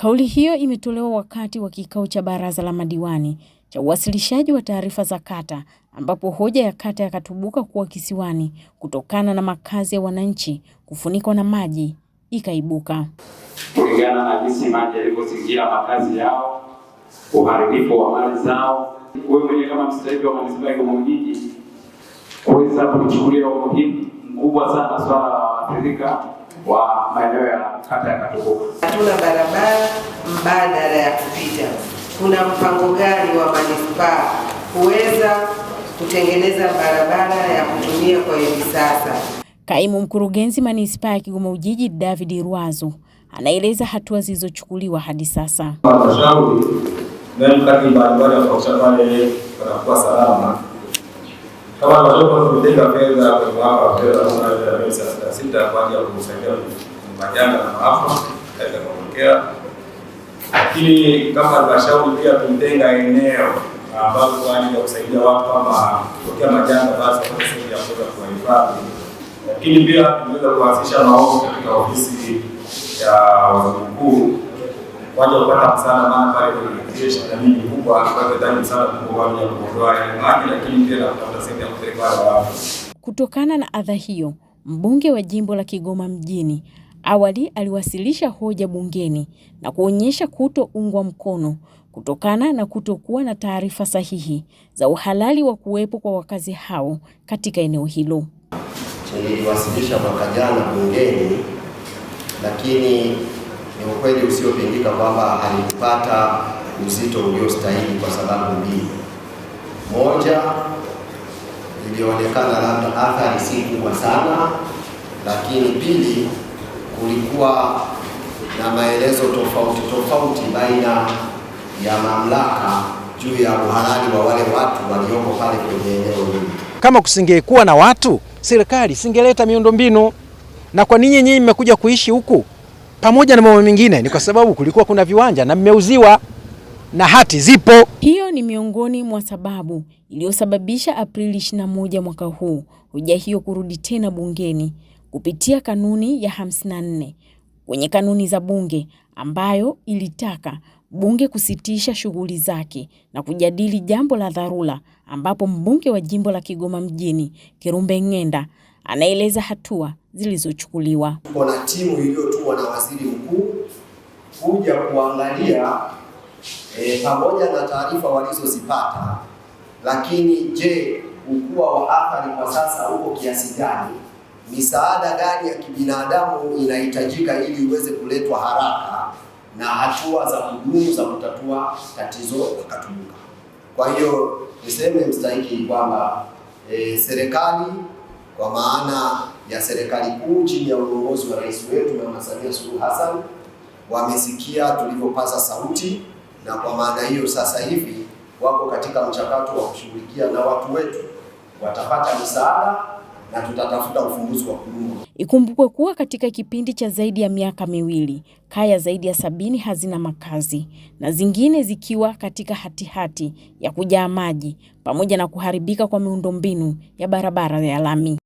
Kauli hiyo imetolewa wakati wa kikao cha baraza la madiwani cha uwasilishaji wa taarifa za kata ambapo hoja ya kata ya Katubuka kuwa kisiwani kutokana na makazi ya wananchi kufunikwa na maji ikaibuka. Kulingana na jinsi maji yalivyozingira makazi yao, uharibifu wa mali zao, wewe mwenyewe kama mstahiki wa manispaa ya Kigoma kuweza kuchukulia umuhimu mkubwa sana swala la waathirika wa maeneo ya kata ya Katugu. Hatuna barabara mbadala ya kupita. Kuna mpango gani wa manispaa kuweza kutengeneza barabara ya kutumia kwa hivi sasa? Kaimu mkurugenzi manispaa ya Kigoma Ujiji David Rwazo anaeleza hatua zilizochukuliwa hadi sasa. Halmashauri na mkati barabara pale panakuwa salama kama anaweza kutenga fedha kwa fedha ya milioni sita kwa ajili ya kusaidia majanga na maafa katika kuongea, lakini kama halmashauri pia tumetenga eneo ambapo kwa ajili ya kusaidia watu kama kutokea majanga, basi kwa sehemu ya kuweza kuwahifadhi, lakini pia tumeweza kuanzisha maombi katika ofisi ya waziri mkuu watu wapata msaada maana pale kwenye shindani kubwa, wakahitaji msaada mkubwa wa ajili ya kuondoa ile maji, lakini pia na kutafuta sehemu ya kupeleka wale wafu. Kutokana na adha hiyo, mbunge wa jimbo la Kigoma mjini awali aliwasilisha hoja bungeni na kuonyesha kutoungwa mkono kutokana na kutokuwa na taarifa sahihi za uhalali wa kuwepo kwa wakazi hao katika eneo hilo. Niliwasilisha mwaka jana bungeni, lakini ni ukweli usiopingika kwamba alipata uzito uliostahili kwa sababu mbili. Moja, ilionekana labda athari si kubwa sana, lakini pili, kulikuwa na maelezo tofauti tofauti baina ya mamlaka juu ya uhalali wa wale watu walioko pale kwenye eneo hili. Kama kusingekuwa na watu, serikali singeleta miundombinu. Na kwa nini nyinyi mmekuja kuishi huku? pamoja na mambo mengine, ni kwa sababu kulikuwa kuna viwanja na mmeuziwa na hati zipo. Hiyo ni miongoni mwa sababu iliyosababisha Aprili 21 mwaka huu hoja hiyo kurudi tena bungeni kupitia kanuni ya 54 kwenye kanuni za bunge ambayo ilitaka bunge kusitisha shughuli zake na kujadili jambo la dharura, ambapo mbunge wa jimbo la Kigoma mjini Kirumbe Ng'enda anaeleza hatua zilizochukuliwa. Tuko na timu iliyotumwa na waziri mkuu kuja kuangalia e, pamoja na taarifa walizozipata, lakini je, ukubwa wa athari kwa sasa uko kiasi gani? Misaada gani ya kibinadamu inahitajika ili iweze kuletwa haraka na hatua za kudumu za kutatua tatizo la Kwa hiyo niseme mstahiki kwamba e, serikali kwa maana ya serikali kuu chini ya uongozi wa rais wetu Mama Samia Suluhu Hassan wamesikia tulivyopaza sauti, na kwa maana hiyo sasa hivi wako katika mchakato wa kushughulikia na watu wetu watapata msaada na tutatafuta ufumbuzi wa kudumu. Ikumbukwe kuwa katika kipindi cha zaidi ya miaka miwili, kaya zaidi ya sabini hazina makazi na zingine zikiwa katika hatihati hati ya kujaa maji pamoja na kuharibika kwa miundombinu ya barabara ya lami.